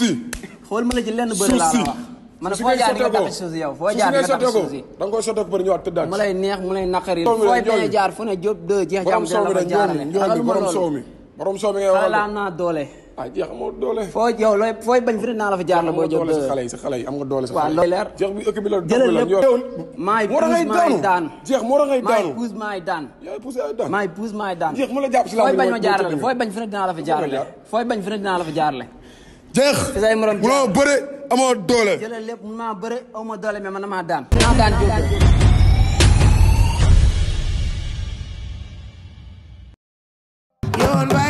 si. xool ma la ci lenn bëri laa la wax. man foo jaar di nga tax suuf si yow foo jaar di nga tax suuf si. da nga koy sotteeku bëri ñëwaat tëddaat. mu lay neex mu lay naqari. fooy bañ jaar fu ne Diop de jeex jàmm de la ko jaarale. xamal ma loolu borom soow mi ngay wax xalaat naa doole. ah jeex amoo doole. foo yow looy fooy bañ fi ne naa la fa jaar la boo Diop de. xale yi sa xale yi am nga doole sa xale yi. waaw loolu leer jeex bi ëkk bi la doole la ñor. maay puus maay daan jeex moo ngay daanu maay puus maay daan. yaa puus ay daan maay puus maay daan. jeex mu la jàpp si laa fooy bañ ma jaarale fooy bañ fi ne dinaa la fa jaarale fooy bañ fi ne dinaa la fa jaarale jeex. si say morom munoo bëre amoo doole. jëlal lépp mun naa bëre aw ma doole mais man maa daan. maa daan jóg. yoon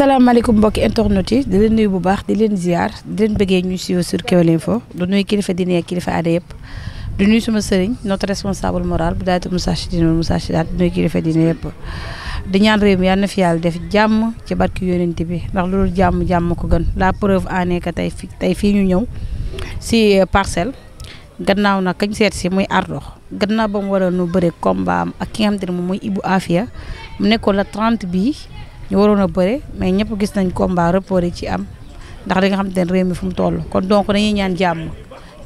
salaamaaleykum mbokki internet yi di leen nuyu bu baax di leen ziar di leen bëggee ñu siiw sur Kewel Info du nuyu kilifa diine ak kilifa aada yëpp du nuyu suma sëriñ notre responsable moral bu daal di Moussa Chidine Moussa Chidane du nuyu kilifa diine yëpp di ñaan réew mi yàlla na fi def jàmm ci barki yonent bi ndax loolu jàmm jàmm ko gën la preuve en tey fi tey fii ñu ñëw si euh, parcelle gannaaw nag kañ seet si muy Ardo gannaaw ba mu waroon nu bëre combat am ak ki nga xam te ne moom mooy mu nekkoon la 30 bii. ñu waroon a bëre mais ñëpp gis nañ combat report yi ci am ndax da nga xamante ne réew mi fu mu toll kon donc dañuy ñaan jàmm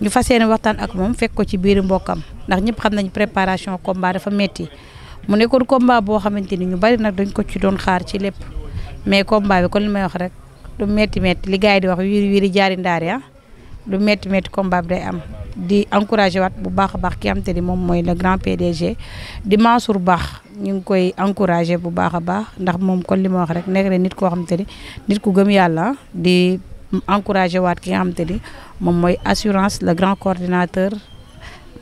ñu fas yéene waxtaan ak moom fekk ko ci biir mbokkam ndax ñëpp xam nañ préparation combat dafa metti mu nekkoon combat boo xamante ni ñu bari nag dañ ko ci doon xaar ci lépp mais combat bi kon li may wax rek du metti metti li yi di wax wiiri wiiri jaari ndaar ah lu métti métti combat bi day am di encouragé waat bu baax a baax kii am te ni moom mooy le grand PDG di Mansour Baax ñu ngi koy encouragé bu baax a baax ndax moom kon li ma wax rek nekk na nit koo xam te ni nit ku gëm yàlla ah. di encouragé waat ki nga xam te ni moom mooy assurance le grand coordinateur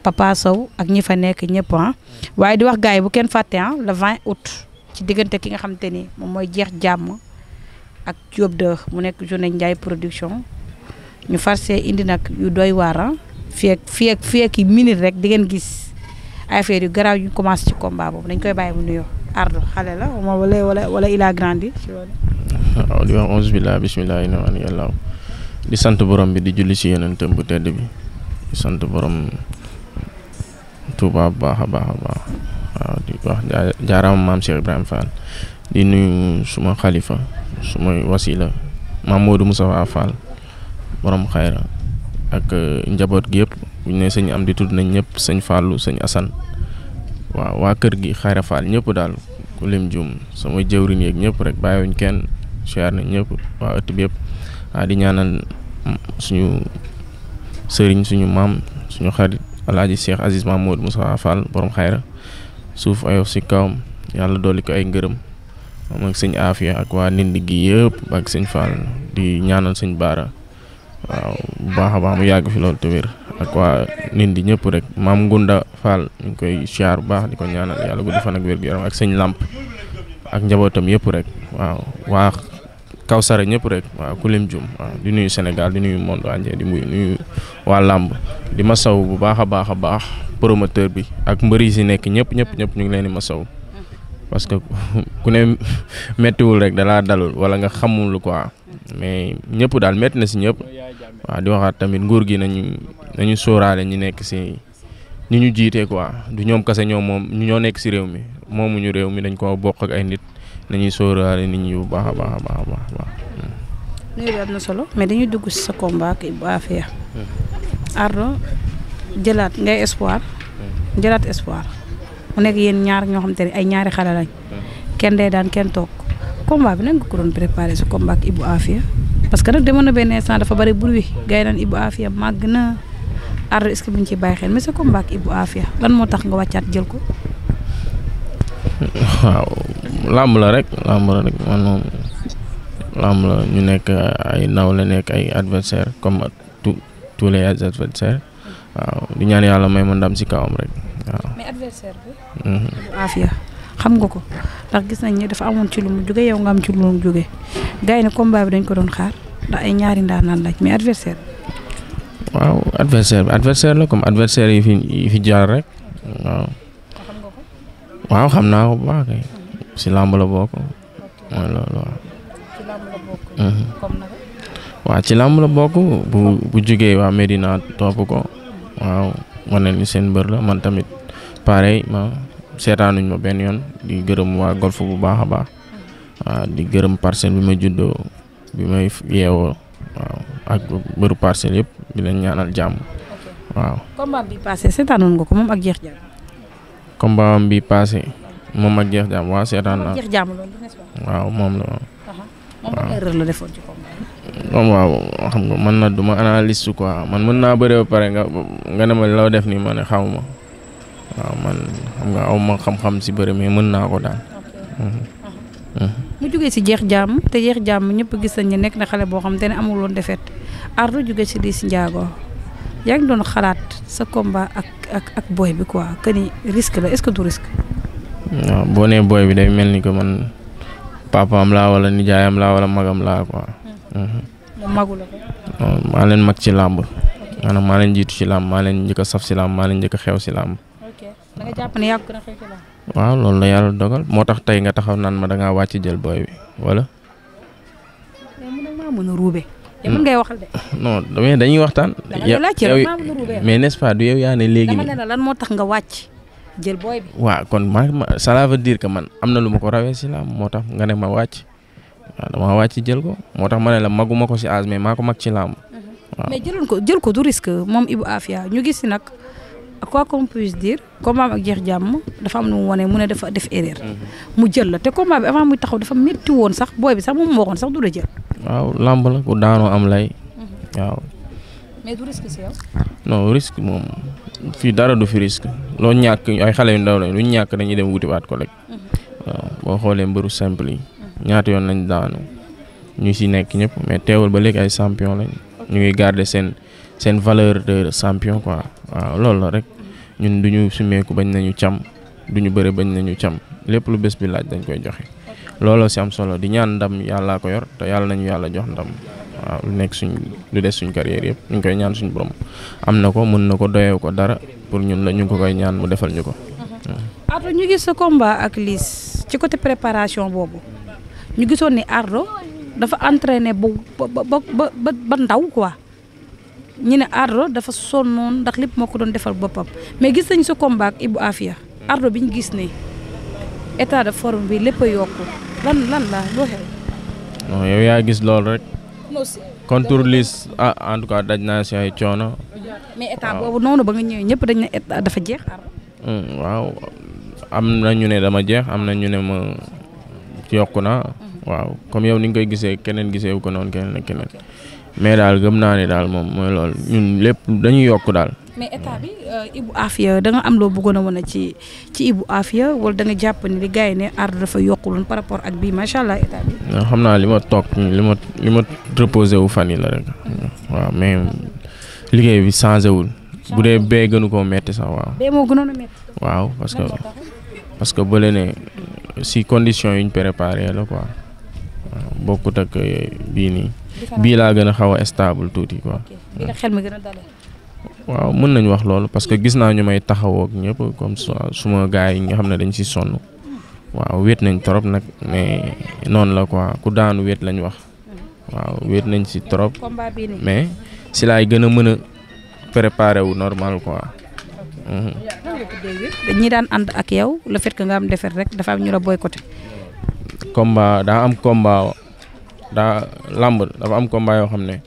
Papa Sow ak ñi fa nekk ñëpp ah. waaye di wax gars yi bu kenn fàtte ah le 20 août ci diggante ki nga xam te ni moom mooy jeex jàmm ak Diop de mu nekk journée Ndiaye production. ñu farse indi nag yu doy waar ah, fii ak fii ak rek di ngeen gis affaire yu garaaw yu commencé ci combat boobu dañ koy bàyyi mu nuyoo. Ardo xale la wala wala wala il a grandi. waaw di wax onze billah bismillah di sant borom bi di julli si yonentam bu tedd bi di sant borom Tuuba baax a baax waaw di wax jaaraama maam Cheikh Ibrahima Fall di nuyu suma xalifa sumay wasila maam Modou Moussa Fall. borom xayra ak euh, njaboot gi yëpp bu ñu sëñ am di tudd nañ ñëpp sëñ Fallou sëñ Assane waaw waa kër gi xayra Fall ñëpp daal ku lim jum sama jëwriñ yeeg ñëpp rek bàyyiwuñ kenn siyaar nañ ñëpp waa ëtt bi yëpp waa di ñaanal suñu sëriñ suñu maam suñu xarit alaaji Cheikh Aziz Mahmoud Moussa Fall borom xayra suuf ayof si kawam yàlla dolli ko ay ngërëm moom ak sëñ Afia ak waa Ndindi gi yëpp ak sëñ Fall di ñaanal sëñ Baara. waaw bu baax a baax mu yàgg fi loolu te wér ak waa Ndindy ñëpp rek maam Ngunda Fall ñu ngi koy siyaar bu baax di ko ñaanal yàlla gudd fan ak wér gu yaram ak sëñ làmp ak njabootam yëpp rek waaw waa Kawsara ñëpp rek waa ku lim jum waaw di nuyu Sénégal di nuyu monde entier di nuyu waa làmb di ma saw bu baax a baax a baax promoteur bi ak mbëri si nekk ñëpp ñëpp ñëpp ñu ngi leen di masaw parce que ku ne méttiwul rek dalaa dal wala nga xamul ko mais ñëpp daal métti na si ñëpp. waaw di waxaat tamit nguur gi nañu nañu sóoraale ñi nekk si ñu ñu jiite quoi du ñoom kase ñoom moom ñoo nekk si réew mi moomuñu réew mi dañ ko bokk ak ay nit nañuy sóoraale nit ñu bu baax a baax a baax a am na solo mais dañuy dugg si sa kombaak ak Ibou Afia. jëlaat ngay espoir. jëlaat espoir mu nekk yéen ñaar ñoo xam te ne ay ñaari xale lañ. Hmm. kenn day daan kenn toog combat bi nan nga ko doon préparé si combat ak Ibou parce que nag demoon na benn instant dafa bari bruit gars yi naan Ibou màgg na Ardo est-ce que buñ ci bàyyi xel mais sa combat ak Ibou Afia moo tax nga wàccaat jël ko. làmb la rek làmb la rek man moom làmb la ñu nekk ay ndaw la nekk ay adversaire comme tous tous les adversaires waaw di ñaan yàlla may ma ndam si kawam rek waaw. mais adversaire bi. Mhm. Afia. xam nga ko ndax gis nañ ne dafa amoon ci lu mu jóge yow nga am ci lu mu jóge gars yi ne dañ ko doon xaar ndax ay ñaari ndaanaan laaj mais adversaire waaw adversaire adversaire la comme adversaire yi fi yi fi jaar rek waaw. xam naa ko bu baax kay si làmb la bokk mhm. ci làmb la bokk bu bu jógee waa Medina topp ko waaw wane seen mbër la man tamit pareil seetaanuñ ma benn yoon di gërëm waa golf bu baax a baax waaw ah, di gërëm parcelle bi ma juddoo bi may yeewoo waaw ak bëru parcelle yëpp di leen ñaanal jàmm waaw. combat bi passé moom bi passé moom ak jeex jàmm waaw seetaan naa. moom la waaw. moom la defoon ci waaw xam nga man na duma analyste quoi man mën naa bëre ba pare nga ne ma loo def nii ma ne xaw ma. waaw man xam nga aw ma xam-xam si bëri mën naa ko daal. Mhm. Mhm. Mhm. mu jógee si jeex jàmm te jeex jàmm ñëpp gis nañ ne nekk na xale boo xam te ne amul woon defet Ardo jógee si Liss Ndiago yaa ngi doon xalaat sa combat ak ak ak boy bi quoi que ni risque la est-ce que du risque. waaw boo nee boy bi day mel ni que man papaam laa wala nijaayam laa wala magam laa quoi. Hmm. moom magu la ko. maa leen mag ci làmb maanaam maa leen jiitu ci làmb maa leen njëkk a saf si njëkk a xew si da nga jàpp ne na loolu la yàlla dogal moo tax tey nga taxaw naan ma dangaa ngaa wàcc jël booy bi wala. mais nag maa hmm. dañuy waxtaan. mais nest pas du yow yaa ne léegi. dama lan moo tax nga wàcc jël booy bi. waaw kon ma ça veut dire que man am na lu ma ko rawee si laam moo tax nga ne ma wàcc waaw damaa wàcc jël ko moo tax ma ne la maguma ko si âge mais maa ko mag ci làmb. Mhm. waaw mais ko jël ko du risque moom Ibou Afia ñu gis nag quoi qu'on puisse dire ak jeex jàmm dafa am nu mu wane mu ne dafa def erreur. Mhm. mu jël la te combat bi avant muy taxaw dafa métti woon sax booy bi sax moom moo waxoon sax du la jël. waaw làmb la ku daanoo am lay. Mhm. waaw. no du risque moom fii dara du fi risque loo ñàkk ay xale yu ndaw lañ lu ñàkk dañuy dem wuti waat ko rek. Mhm. waaw boo xoolee mbëru simple yi. ñaata yoon lañ daanu ñu si nekk ñëpp mais teewul ba léegi ay champion lañ ñu ngi garder seen. seen valeur de champion quoi waaw loolu la rek ñun du ñu sumeeku bañ nañu cam du ñu bëre bañ nañu cam lépp lu bés bi laaj dañ koy joxe looloo si am solo di ñaan ndam yàllaa ko yor te yàlla nañu yàlla jox ndam waaw lu nekk suñ lu des suñ carrière yëpp ñu koy ñaan suñ borom am na ko mën na ko doyew ko dara pour ñun la ñu ko koy ñaan mu defal ñu ko. Mm-hmm. Ardo ñu gis sa combat ak Liss ci côté préparation boobu ñu gisoon ni Ardo dafa entraîné ba ba ba ba ndaw quoi. ñu ne Ardo dafa sonnoon ndax lépp moo ko doon defar boppam mais gis nañ sa combat ak Ibou Afia Ardo bi ñu gis ne état de forme bi lépp a yokku lan lan la loo xew. yow yaa gis loolu rek. contour liste ah en tout cas daj naa si ay coono. mais état boobu noonu ba nga ñëwee ñëpp dañ ne état dafa jeex. Hmm, waaw am na ñu ne dama jeex am na ñu ne ma yokku naa. Hmm. waaw comme yow ni nga koy gisee keneen gisee wu ko noonu keneen ak keneen. mais daal gëm naa ne daal moom mooy loolu ñun lépp dañuy yokk daal. mais état bi euh, am loo bëggoon a wane ci ci Ibou Afia wala da nga jàpp ni li gars yi ne Ardo dafa yokkuloon par rapport ak bii macha allah état xam naa li ma toog li ma li ma reposé wu fan yi la rek. waaw mais liggéey bi changé wul. bu dee bee gënu ko metti sax waaw. bee moo waaw parce que parce que bële ne si condition yi ñu préparé la quoi bokkut ak euh, bii nii. bii laa gën a xaw a stable tuuti quoi. xel mi gën a waaw mën nañu wax loolu parce que gis naa ñu may taxawoo ak ñëpp comme suma gars yi nga xam ne dañ si sonn waaw wéet nañ trop nag mais noonu la quoi ku daanu wéet lañ wax waaw wéet nañ si trop mais si laay gën a mën a préparer wu normal quoi. Mhm. ñi daan ànd ak yow le fait que nga am defar rek dafa am ñu la boycotté. combat daa am combat daa làmb dafa am combat yoo xam ne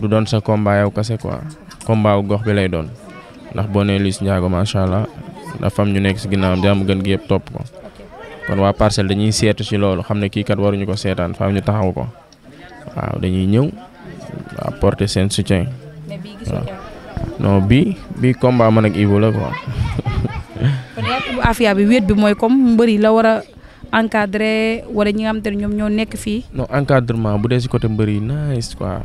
du doon sa combat yow kase quoi combat gox bi lay doon ndax boo nee Liss Ndiago macha allah dafa am ñu nekk si ginnaawam di am gën gi yëpp topp ko kon waa parcelle dañuy seetu si loolu xam ne kii kat waruñu ko seetaan faaw ñu taxaw ko waaw dañuy ñëw apporter seen soutien waaw non bii bii combat man ak Ibou bu afia bi wéet bi mooy comme mbëri la war encadré wala ñi nga xam te ñoom ñoo nekk fii. non encadrement bu dee si côté mbër yi nice quoi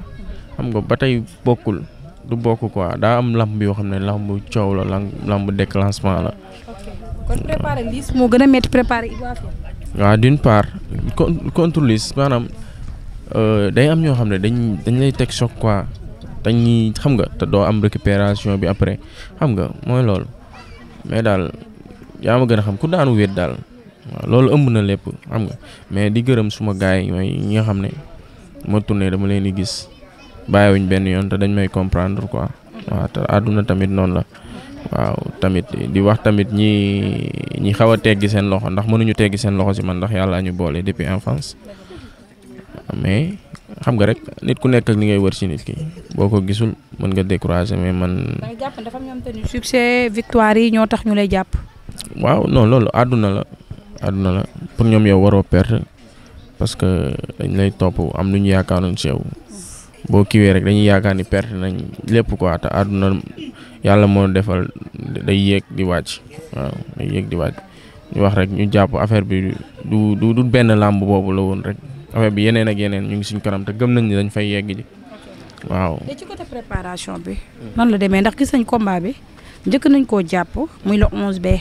xam nga ba tey bokkul du bokk quoi daa am lamb yoo xam ne lamb coow la lamb la. kon préparer Liss moo gën a métti préparer Iba Afia. waaw d'une part contre Liss maanaam euh, day am ñoo xam ne dañ dañ lay teg sook quoi dañuy xam nga te doo am récupération bi après xam nga mooy loolu mais daal yaa ma gën a xam ku daanu wéet daal. waaw loolu ëmb na lépp xam nga mais di gërëm suma gaay yi mooy ñi nga xam ne ma tourné dama leen di gis bàyyiwuñ benn yoon te dañ may comprendre quoi waaw te àdduna tamit noonu la waaw tamit di wax tamit ñi ñi xaw a teggi seen loxo ndax mënuñu teggi seen loxo si man ndax yàlla ñu boole depuis enfance mais xam nga rek nit ku nekk ak ngay wër si nit boo ko gisul mën nga décourager mais man. da ñoo tax ñu jàpp. waaw non loolu àdduna la. àdduna la pour ñoom yow waroo perte parce que dañ lay topp am lu ñu yaakaaroon si yow boo kiwee rek dañuy yaakaar ni perte nañ lépp ko te àdduna yàlla moo defal day yéeg di wàcc waaw day yéeg di wàcc ñu wax rek ñu jàpp affaire bi du du benn làmb boobu la woon rek affaire bi yeneen ak yeneen ñu ngi suñ kanam te gëm nañ ni dañ fay yegg ji waaw. ci bi. nan la demee ndax gis nañ combat bi njëkk nañ koo jàpp muy le 11 ba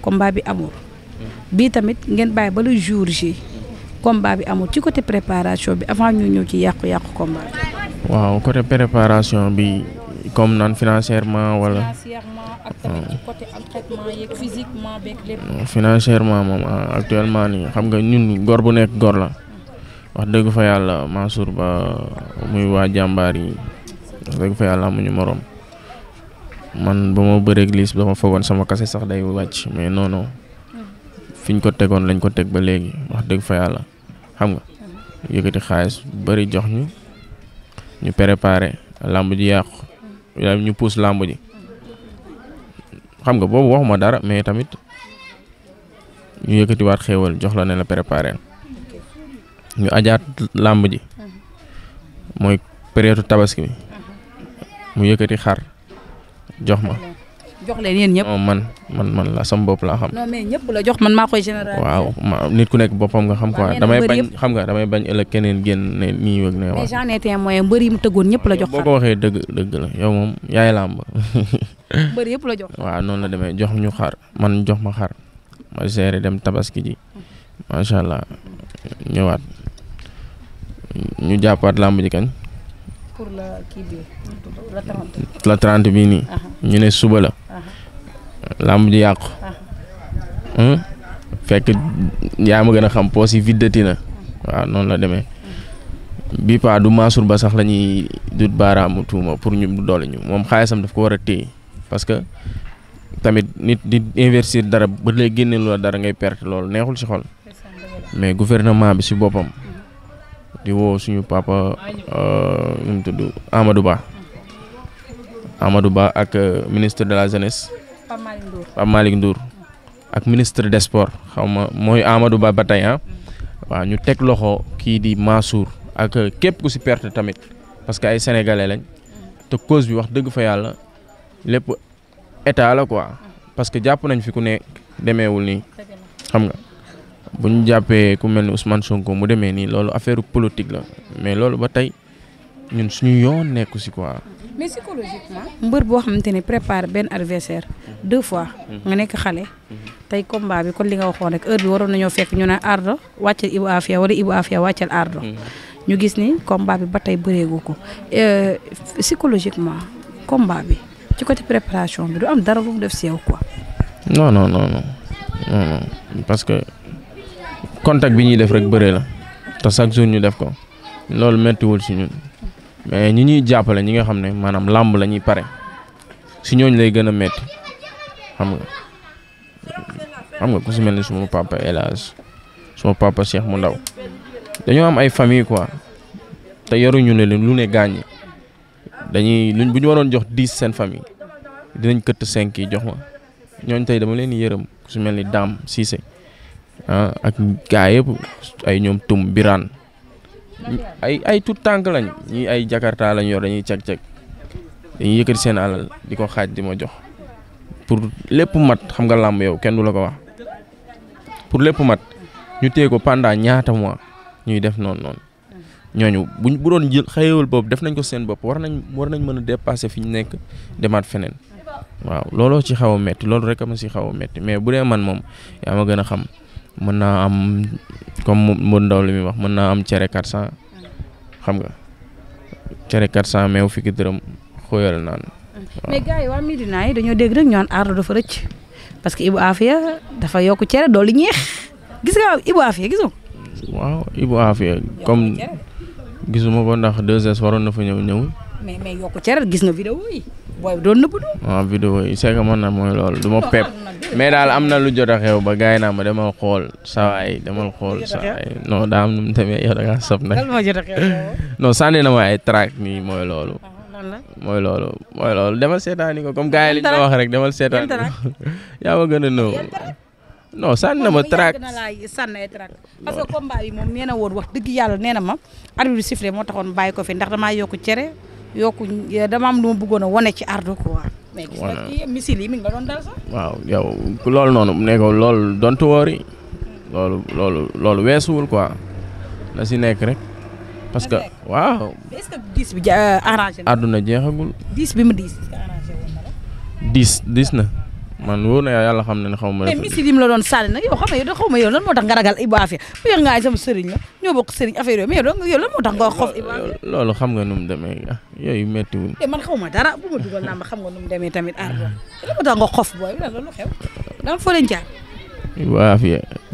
combat bi amul. bii tamit ngeen bàyyi ba le jour J combat bi amul ci côté préparation bi avant ñu ñëw ci yàqu-yàqu combat bi. waaw côté préparation bi comme naan financièrement wala. financièrement moom ah, actuellement nii xam nga ñun góor bu nekk góor la wax dëgg fa yàlla Mansour Ba muy waa jàmbaar yi wax dëgg fa yàlla amuñu moroom man ba ma bëreeg liis dama foogoon sama kase sax day wàcc mais non non. fi ñu ko tegoon lañu ko teg ba léegi wax dëgg fa yàlla xam nga yëkkati xaalis bari jox ñu ñu préparé làmb ji yàqu yaa ñu puus làmb ji xam nga boobu waxuma dara mais tamit ñu yëkkatiwaat xéewal jox la ne la préparé ñu ajaat làmb ji mooy période tabaski bi mu yëkkati xar jox ma jox leen yéen man man man la sama bopp laa xam. non mais ñëpp la jox man maa koy général. waaw nit ku nekk boppam nga xam quoi. damay bañ xam nga damay bañ ëllëg keneen génn ne nii wëg ne waaw. mais j'en ai yi mu tëggoon ñëpp la jox. boo ko waxee dëgg dëgg la yow moom yaay yëpp la jox. waaw noonu la demee jox ñu xar man jox ma xar ma gérer dem tabaski ji macha allah ñëwaat ñu jàppaat làmb ji kañ. pour la kii la 30. la bii nii. ñu ne suba la. làmb ji yàqu. Hmm? fekk yaa ma gën a xam poos yi viddati na. waaw noonu la demee. bi du Mansour ba sax la ñuy dut baaraamu tuuma pour ñu doole ñu moom xaalisam daf ko war a téye parce que tamit nit di investir dara ba lay génne lu dara ngay perte loolu neexul si xol. mais gouvernement bi ci boppam. di woo suñu papa euh, nu mu tudd Amadou Ba Amadou Ba ak euh, ministre de la jeunesse Pape Malick Ndour ak ministre des sports xaw ma mooy Amadou Ba ba tey ah waaw ñu teg loxo kii di Mansour ak euh, képp ku si perte tamit parce que ay sénégalais lañ te cause bi wax dëgg fa yàlla lépp état la quoi parce que jàpp nañ fi ku ne demeewul nii xam nga. bu ñu jàppee ku mel ni Ousmane Sonko mu demee nii loolu affaire politique la mais loolu ba tey ñun suñu yoon nekku si quoi. mais psychologiquement. mbër boo xamante ne prépare benn adversaire deux fois. Mhm. nga nekk xale. Mhm. tey combat bi kon li nga waxoon rek heure bi waroon nañoo fekk ñu ne Ardo wàccal Ibou Afia wala Ibou Afia wàccal Ardo. Mhm. ñu gis ni combat bi ba tey bëreegu ko euh, psychologiquement combat bi ci côté préparation bi du am dara lu mu def si yow quoi. non non non non non parce que. contact bi ñuy def rek bëree la te chaque jour ñu def ko loolu méttiwul si ñun mais ñi ñuy jàppale ñi nga xam ne maanaam làmb la ñuy pare si ñooñu lay gën a métti xam nga xam nga ku si mel ni suma papa El Hadj suma papa Cheikh mu ndaw dañoo am ay famille quoi te yaruñu ne lu ne gaañi dañuy luñ bu ñu waroon jox dix seen famille dinañ këtt cinq yi jox ma ñooñ tey dama leen yërëm ku si mel ni Dame Cissé ah ak gaa yëpp ay ñoom tum biraan ay ay tout tànk lañ ñii ay jakarta lañu yor dañuy ceg-ceg dañuy yëkkati seen alal di ko xaaj di ma jox pour lépp mat xam nga làmb yow kenn du la ko wax pour lépp mat ñu téye ko pendant ñaata mois ñuy def noonu noonu ñooñu buñ bu doon jël xëyewal boobu def nañ ko seen bopp war nañ war nañ mën a dépasser fi ñu nekk demaat feneen waaw looloo ci xaw a métti loolu rek a ma si xaw a métti mais bu dee man moom yaa ma gën a xam mën naa am comme mu ndaw li muy wax mën naa am cere 400 xam nga cere 400 meew fukki dërëm xóoyal naan. mais gars yi waa dégg rek ñu naan aar dafa rëcc parce que Ibou Afia dafa yokk cere doolu ñeex gis nga Ibou Afia gisoo. waaw gisuma ko ndax 2S waroon na fa ñëw ñëw. mais mais yokk cere gis na vidéo yi. booy doon nëbb du waaw ah, vidéo yi c'est man na mooy loolu du pep mais daal am na lu jot a xew ba gars naa ma demal xool sawaay demal xool sawaay non daa am nu mu tamit ay track nii mooy loolu ah, mooy loolu mooy loolu demal seetaani ko comme gars yi li wax rek demal seetaani ko yaa gën a nëw non sànni na ma track parce que combat yi moom nee woon wax dëgg yàlla nee na ma arbitre bi sifflé moo taxoon bàyyi ko fi ndax damaa yokk cere yokk eh, dama am lu bëggoon a wane ci ardo quoi. mais yi mi ngi waaw yow loolu noonu mu ko loolu dontu woori loolu loolu weesuwul quoi na si nekk rek. parce que waaw. est-ce euh, àdduna jeexagul. diis bi mu diis. diis diis na. man wóor na yàlla xam ne xaw ma. Eh, mais la doon sànni nag yow xam nga yow xaw ma yow lan moo tax nga ragal Ibou Afia yooyu loolu xam nga nu mu demee ah, yooyu métti wul. Eh, xam nga nu mu demee tamit aar ah, eh, moo tax nga xof booy lan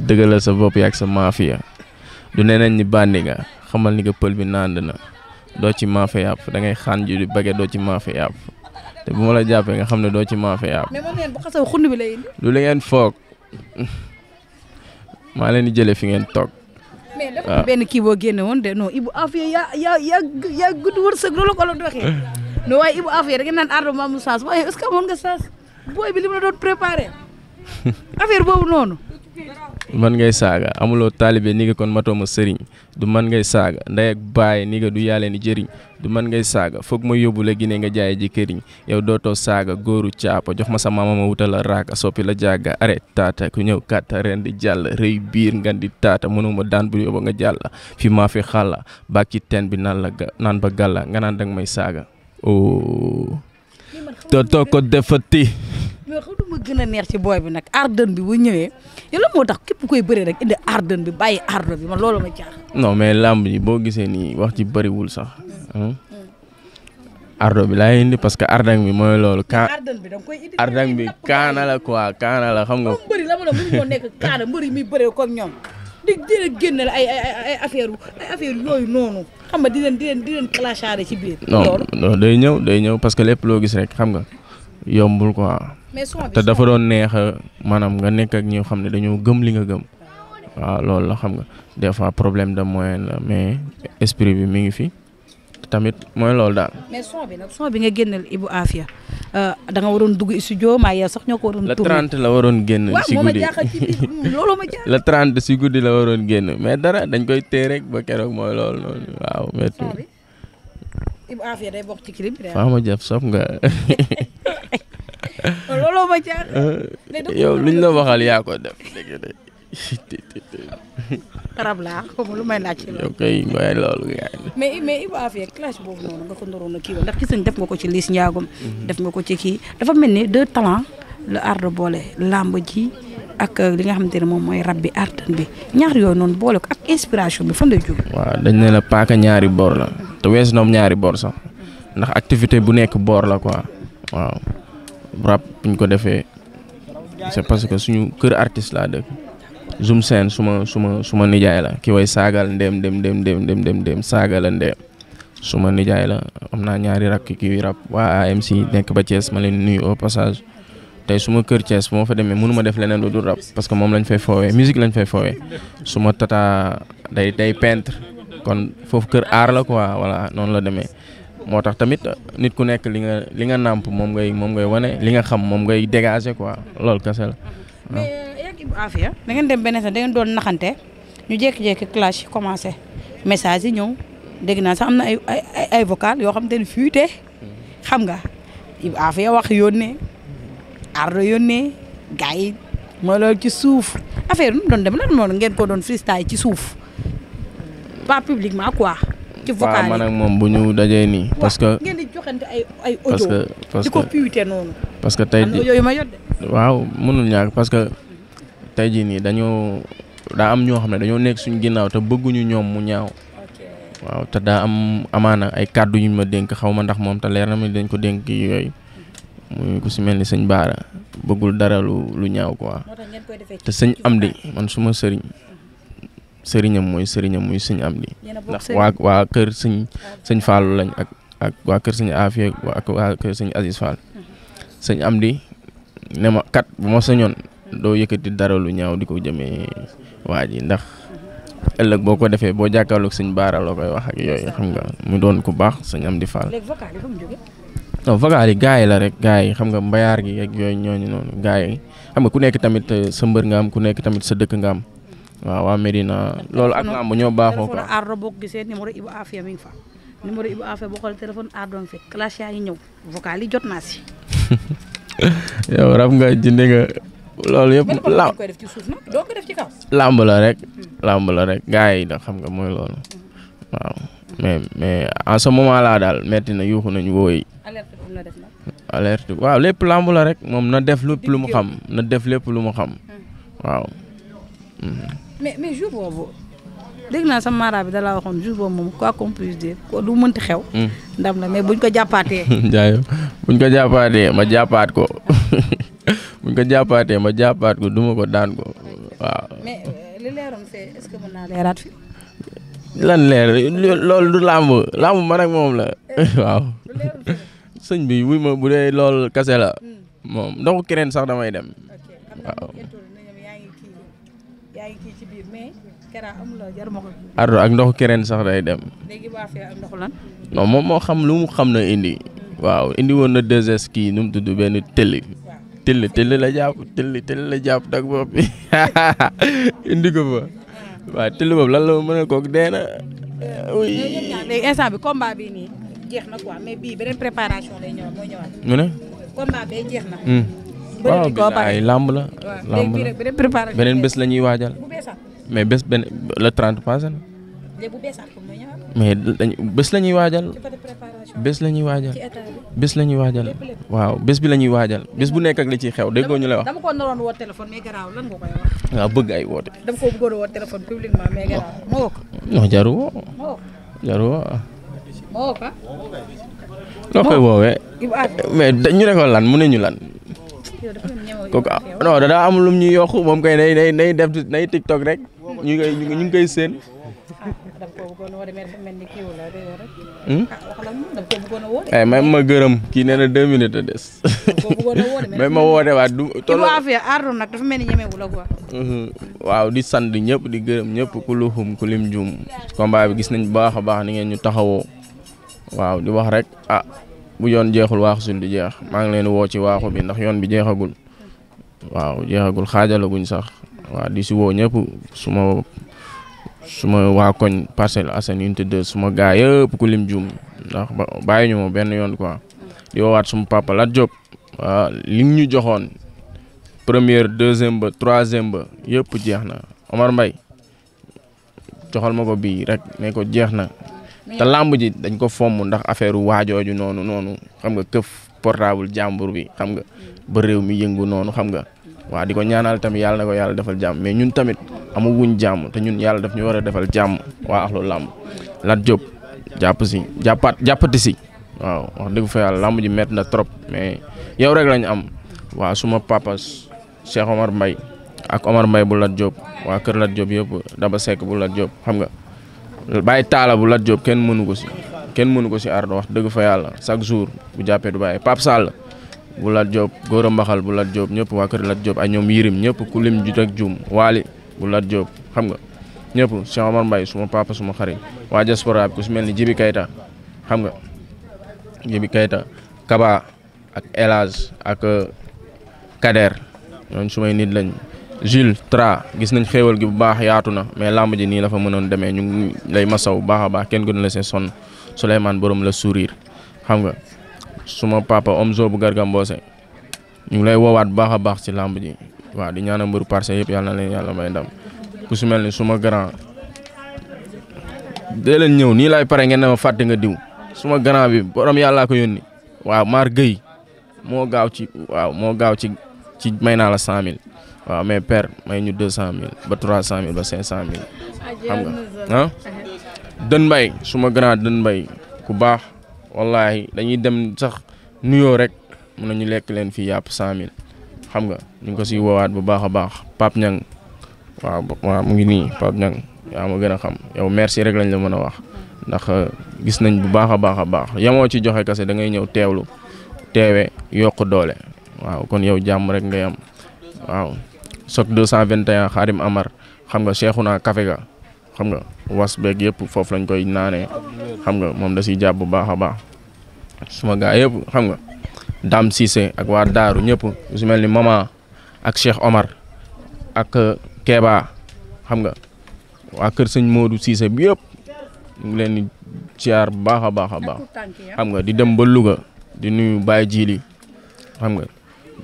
loolu sa bopp yaag sa mafia du neneen ñi bandi nga xamal ni nga pël bi nand na doo ci maafe yàpp da ngay xaan ju di bage doo ci maafe te bu ma la jàppee nga xam ne doo ci maafe yaa mais moom bu xasee xund bi lay indi. lu li ngeen foog maa leen di jëlee fi ngeen toog. mais dafa benn kii boo génne woon de non Ibou Afia yaa yaa wërsëg loolu ko la di waxee non waaye Ibou Afia da ngeen naan ma amul chance waaye est-ce que amoon nga chance booy bi li mu la doon préparé boobu noonu. man ngay saaga amuloo taalibe ni kon matooma sëriñ du man ngay saaga ndey ak baay ni du yàlla ni jëriñ du man ngay saaga foog ma yóbbu la Gine nga jaay ji këriñ yow dootoo saaga góoru caapa jox ma sa maama ma wutal la raaka soppi la jàgga arrêt taata ku ñëw kàtta ren di jàll rëy biir ngan di taata mënuma daan bu yóbbu nga jàll fi maa fi xalla bàkk teen bi naan la naan ba gàlla nga naan danga may saaga. Oh. oo. toog ko defati. mais xam ma gën a neex ci booy bi nag arden bi bu ñëwee yow moo tax képp koy bëree rek indi arden bi bàyyi ardo bi man loolu ma jaax non mais làmb ji boo gisee nii wax ci bëriwul sax. bi laay indi parce que ardang bi loolu. kaana la bëri la moo nekk kaana mbëri mi bëree comme ñoom. di leen génneel ay ay ay affaire ay affaire yooyu noonu xam nga di leen di ci biir. non non ñëw day ñëw parce que lépp loo gis rek xam nga yombul quoi. te dafa doon neex maanaam nga nekk ak ñoo xam ne dañoo gëm li nga gëm waaw loolu la xam nga des fois problème de moyen la mais esprit bi mi ngi fi tamit mooy loolu daal. mais son bi nga génneel Ibou Afia euh, da waroon dugg studio maa yow sax ñoo ko waroon. tourné le 30 la waroon génn. si guddi loolu ma si guddi la waroon génn mais dara dañ koy téye rek ba keroog mooy lool noonu waaw. mais Ibou Afia day bokk ci nga. Oh, looloo ma jaar. Ah, yow luñ la waxal yaa ko def dégg nga laa xaw lu may laaj ci def nga ko ci Liss Ndiago. Mhm. def nga ko ci kii dafa mel ni deux talents la boole làmb ji ak euh, li nga xamante ne moom mooy rab bi artan bi ñaar yooyu noonu boole ko ak inspiration bi fan lay waaw dañ ne la paaka ñaari boor la te weesu noom ñaari boor sax ndax activité bu nekk boor la ko waaw. rap ñu ko defee c'est parce que suñu kër artiste laa dëkk Zoum Sène suma suma suma nijaay la ki way saagal ndéem dem dem dem dem dem dem saagal a ndéem suma nijaay la am naa ñaari rab kii rap waa AMC nekk ba Thiès ma leen nuyu au passage tey suma kër Thiès bu ma fa demee mënuma def leneen lu dul rap parce que moom lañ fay foowee musique lañ fay foowee suma tata day day peintre kon foofu kër aar la quoi voilà noonu la demee moo tax tamit nit ku nekk li nga li nga nàmp moom ngay moom ngay wane li nga xam moom ngay dégager quoi loolu kese la. mais euh, yàgg Ibou Afia da ngeen dem benn sax da ngeen doon naxante ñu jékki-jékki clash commencé message yi ñëw dégg naa sax am na ay ay ay vocal yoo xam te ne fuité xam nga Ibou Afia wax yónnee Ardo yónnee gars yi mooy loolu ci suuf affaire yi doon dem lan moo ngeen ko doon freestyle ci suuf pas publiquement quoi. ci vocal yi man ak moom bu ñu dajee nii. parce que ngeen di joxante parce que parce que tey waaw mënul ñàkk parce que tey jii nii dañoo daa am ñoo xam ne dañoo nekk suñu ginnaaw te bëgguñu ñoom mu ñaaw. waaw te daa am amaana ay kàddu yu ñu ma dénk xaw ma ndax moom te leer na ma dañ ko dénk yooyu. muy ko si mel ni sëñ Baara bëggul dara lu lu ñaaw quoi. te sëñ Amdi man suma sëriñ. sëriñam mooy sëriñam muy sëñ am di ndax waa waa kër sëñ sëñ Fallou lañ ak ak waa kër sëñ Afia ak waa kër sëñ Aziz mhm. sëñ am di ne ma kat bu ma sëñoon mhm. doo yëkkati dara lu ñaaw di ko jëmee waa ji ndax ëllëg boo ko defee boo jàkkaarloog sëñ Baara loo koy wax ak yooyu xam nga mu doon ku baax sëñ am di Fall. non vocal yi la rek gars yi xam nga mbayaar gi ak yooyu ñooñu xam nga ku nekk tamit euh, sa mbër nga am ku nekk tamit sa dëkk nga am. waaw waa Medina loolu ak làmb ñoo baaxoo quoi téléphone Ardo boo gisee numéro Ibou Afia mi ngi fa numéro Ibou Afia boo xoolee téléphone Ardo ngi fi clash yaa ngi ñëw vocal yi jot naa si. yow rab nga jëndee nga loolu yëpp. lamb la rek. Hmm. lamb la rek gars yi na xam nga mooy loolu. waaw mais mais en ce daal metti na yuuxu nañu wooyi. alerte bi la waaw lépp lamb la rek moom na def lu mu xam na def lépp lu mu xam hmm. waaw. Hmm. mais mais jour boobu dégg naa sama mara bi da laa moom quoi qu'on puisse dire ko lu mënti xew. Hmm. ndam la mais buñ ko jàppaatee. jaayoo ko jàppaatee ma jàppaat ko buñ ko jàppaatee ma jàppaat ko duma ko daan ko waaw. mais euh, li leeraat fi. lan leer loolu du làmb làmb man ak moom la eh, waaw sëñ bi wuy ma bu dee loolu kase la hmm. moom ndoxu keneen sax damay dem ardo ak ndoxu keneen sax day dem. non moom moo xam lu mu xam na indi. waaw indi woon na 2S kii nu mu tudd benn tëlli. tëlli tëlli la jàpp tëlli la jàpp dag bopp bi indi ko fa ah. waaw tëlli boobu la ma mën a koog dee ah. mu ne. Hmm. waaw bi ay làmb la. làmb la beneen bés la ñuy waajal. mais bés benn le 30 passé na. mais bés la ñuy waajal. bés la ñuy waajal. bés waaw bés bi la ñuy waajal bés bu nekk ak li ciy xew déggoo ñu lay wax. dama ko naroon garaaw lan nga waaw bëgg ay woote. dama ko bëggoon woo mais garaaw moo ko. jaru woo. jaru woowee. mais dañu ne lan mu ne ñu lan. kooku ah, non da daa am lu mu ñuy yokk moom kay nay nay nay def nay tiktok rek. ñu ngi ñu ngi koy séen. ay may ma gërëm kii nee na deux minutes a des. may ma woote waat du. tolloo hmm. waaw di sant ñëpp di gërëm ñëpp ku luxum ku lim jum. bi gis nañ bu baax a baax ni ngeen ñu taxawoo. waaw di wax rek ah bu yoon jeexul waaxu sul di jeex maa ngi leen woo ci waaxu bi ndax yoon bi jeexagul. waaw jeexagul xaajalaguñ sax waaw di si woo ñëpp suma suma waa koñ Parcelles Assainies unité 2 suma gaa yëpp ku lim juum ndax bàyyi ñu benn yoon quoi di suma papa Lat Diop waaw ñu joxoon première deuxième ba troisième ba yëpp jeex na Omar mbay joxal ma ko bii rek ne ko jeex na te làmb ji dañ ko fomm ndax affaire waajooju noonu noonu xam nga këf portable jàmbur bi xam nga ba réew mi yëngu noonu xam nga waaw di ko ñaanal tamit yàlla ko yàlla defal jàmm mais ñun tamit amaguñ jàmm te ñun yàlla daf ñu war a defal jàmm waa axlu làmb Lat Diop jàpp si jàppaat jàppati si waaw wax dëgg fa yàlla ji métti na trop mais yow rek lañ am waaw suma papa Cheikh Omar Mbaye ak Omar Mbaye bu Lat Diop waa kër Lat Diop yëpp Daba Seck bu Lat xam nga bàyyi taala bu Lat Diop kenn mënu ko si kenn mënu ko si ardo wax dëgg fa yàlla chaque jour bu jàppee du bàyyi Pape bu Lat Diop Gora Mbaxal bu Lat Diop ñëpp waa kër Lat Diop ay ñoom yirim ñëpp ku lim ju rek juum waali bu Lat Diop xam nga ñëpp si Omar Mbaye suma papa suma xarit waa diaspora bi ku si mel ni Jibi Kayta xam nga Jibi Kayta Kaba ak El ak euh, Kader ñooñu suma nit lañ Jules Tra gis nañ xéewal gi bu baax yaatu na mais làmb ji nii la fa mënoon demee ñu lay masaw bu baax a baax kenn gënu la see sonn Souleymane borom la sourire xam nga suma papa Omzo bu Garga Mbossé ñu ngi lay woowaat bu baax a baax ci làmb ji waa di ñaanal parce Parcelles yëpp yàlla na leen yàlla may ndam ku si mel ni suma grand dee leen ñëw nii laay pare ngeen ne fàtte nga diw suma grand bi borom yàllaa ko yónni waaw Mar Gueye moo gaaw ci waaw moo gaaw ci ci may naa la cent mille waaw mais père may ñu deux cent mille ba trois cent mille ba cinq cent mille xam nga ah mbay suma grand dën mbay ku baax wallaahi dañuy dem sax nuyoo rek mën mun ñu lekk leen fii yàpp cent mille xam nga ñu ngi ko siy woowaat bu baax a baax Pape Niang waaw waaw mu ngi nii Pape Niang yaa ma gën a xam yow merci rek lañ la mën a wax ndax euh, gis nañ bu baax a baax a baax yemoo ci joxe kase da ngay ñëw teewlu teewe yokk doole waaw kon yow jàmm rek ngay am waaw soog 221 Xaadim Amar xam nga Cheikhouna Café ga xam nga was beeg yëpp foofu lañ koy naane xam nga moom da siy jàpp bu baax a baax suma gaa yëpp xam nga Dame Cissé ak waa Daaru ñëpp su mel ni Mama ak Cheikh Omar ak euh, Keba xam nga waa kër sëñ Modou Cissé bi yëpp mu ngi leen di ziar bu baax a baax a baax ah. xam nga di dem ba Louga di nuyu baa Djili xam nga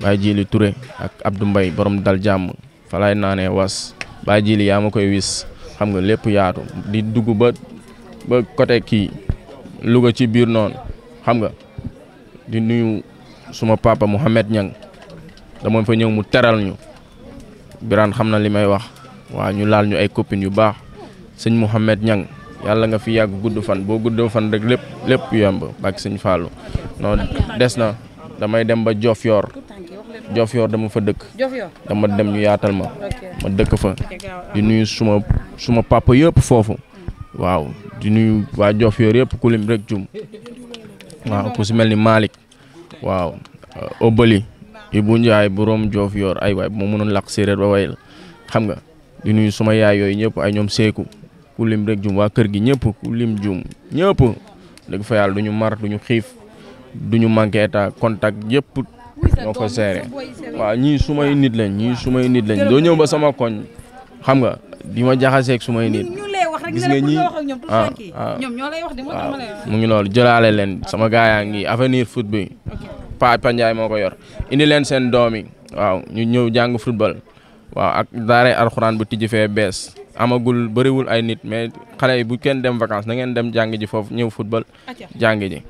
Baye Djili ture ak Abdou Mbaye borom dal jàmm fa laay was Baye Djili yaa ma koy wis. xam nga lépp yaatu di dugg ba ba côté kii Louga ci biir noonu xam nga di nuyu suma papa Mouhamed Niang dama fa ñëw mu teral ñu Birane xam na li may wax waa ñu laal ñu ay copines yu baax sëñ Mouhamed Niang yàlla nga fi yàgg gudd fan boo guddoo fan rek lépp lépp yemb bak sëñ Fallou non des na damay dem ba Diofior Diofior dama fa dëkk. dama dem ñu yaatal ma. ma dëkk fa. di nuyu suma suma yëpp foofu. waaw di nuyu waa Diofior yëpp ku lim rek jum. waaw ku si mel ni Malick. waaw euh, Obali. Ibou Ndiaye borom Diofior ay waay bu ma mënoon làkk séeréer ba way xam nga di nuyu suma yaay yooyu ñëpp ay ñoom seeku ku lim rek jum waa kër gi ñëpp ku lim jum ñëpp dëgg fa yàlla du ñu mar du ñu xiif du ñu manqué état yëpp. ñoo ko seere waaw ñii sumay nit lañ ñii sumay nit lañ doo ñëw ba sama koñ xam nga di ma jaxaseeg sumay nit gis nga ñii ah, ah. mu ngi loolu jëlaale leen sama gaay yaa ngi avenir foot bi Papa Ndiaye moo ko yor indi leen seen doom yi waaw ñu ñëw jàng football waaw ak daaree alxuraan bu tijji fee bees amagul bëriwul ay nit mais kale yi bu kenn dem vacances na ngeen dem jàng ji foofu ñëw football jàng ji.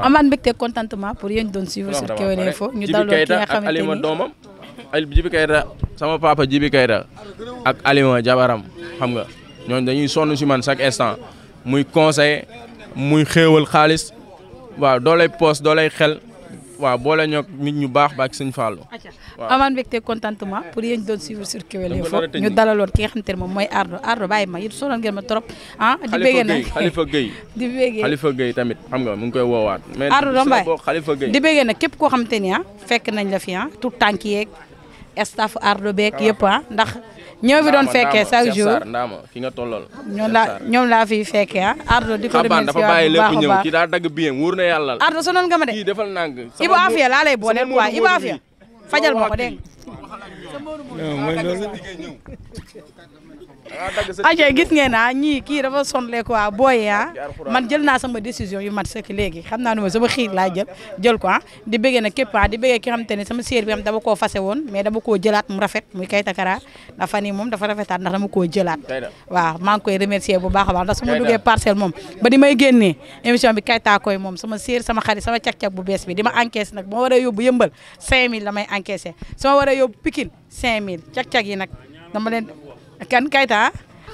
amaat mbégte contentement pour yéen doon suivre sur Kewel Info ñu daloo ki nga xamante ni Alima doomam Jibi Kayta sama paapa Jibi Kayta ak aliment jabaram xam nga ñooñu dañuy sonn si man chaque instant muy conseil muy xéewal xaalis waaw doole lay poos xel waaw boole ñoog nit ñu baax baak sëñ Fallou. waaw amaan mbégte contentement pour yéen doon suivre sur Kewel Info ñu dalaloon ki nga xamante ne moom mooy Ardo Ardo bàyyi ma yéen sonal ngeen ma trop ah, di béggee nag Khalifa Gueye tamit xam nga mu ngi koy woowaat. Ardo Rambaye Khalifa Gueye di xamante ni ah fekk nañ la fi ah tout tànk yeeg staff Ardo beeg yëpp ah, ndax ñoo fi doon fekkee chaque jour ndaama ki nga tollal ñoom laa ñoom laa fi fekkee ah Ardo di ko remercier dafa bàyyi lépp ñëw kii daa dagg bien wóor na yàlla Ardo sonal nga ma de kii defal nang la Afia laa lay booleel quoi Ibou Afia fajal ma ko aja gis ngeen ah ñii kii dafa sonle quoi booyee ah man jël naa sama décision yu mat sëkk léegi xam naa nu ma sama xiir laa jël jël quoi ah. di bëggee na képp a ah, di bëggee ki xam te ne sama séer bi am dama koo fase woon mais dama ko jëlaat mu rafet muy Kayta Kara ndax fan moom dafa rafetaat ndax dama koo jëlaat waaw maa ngi koy remercier bu baax a baax ndax su ma duggee parcelle moom ba di may génnee émission moom sama séer sama xarit sama cag-cag bu bees bi di ma encaisse nag bu ma war a yóbbu yëmbal 5000 la may encaissé su ma war a yóbbu Pikine 5000 cag-cag yi nag dama leen kan Kayta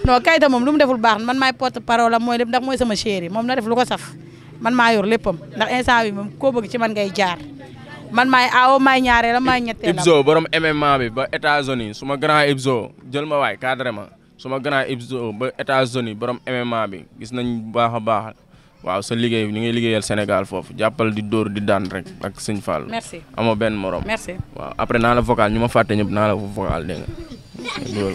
non Kayta moom lu mu deful baax man maay porte parole am mooy lépp ndax mooy sama chéri moom na def lu ko saf man maa yor léppam ndax instant bi moom koo bëgg ci man ngay jaar man maay aawo maay ñaareelam maay ñetteelam. Ibzo borom MMA bi ba États-Unis suma grand Ibzo jël ma waay cadre ma suma grand Ibzo ba États-Unis borom MMA bi gis nañ bu baax a baax waaw sa liggéey ñu ngi liggéeyal Sénégal foofu jàppal di door di daan rek ak sëñ Fall. merci amoo benn morom. merci waaw après naa la vocal ñu ma fàtte ñëpp naa la vocal dégg nga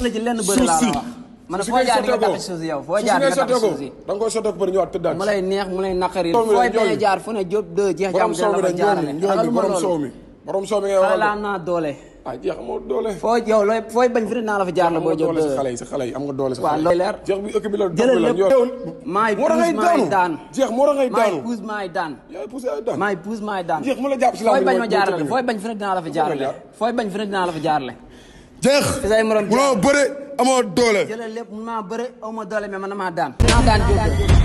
dama la ci lenn bëri laa la wax man foo jaar di nga tax suuf si yow foo jaar di nga tax suuf si da nga koy soteeku bëri ñëwaat tëddaat mu lay neex mu lay naqari fooy bañ a jaar fu ne jóob de jeex jàmm la fa jaarale foo jaar la maay puus maay daan jeex mu la jàpp si la fooy bañ ma jaarale fooy bañ fi naa jeex munoo bëre amoo doole. jëlal lépp mun maa bëre aw ma doole mais man maa daan. daan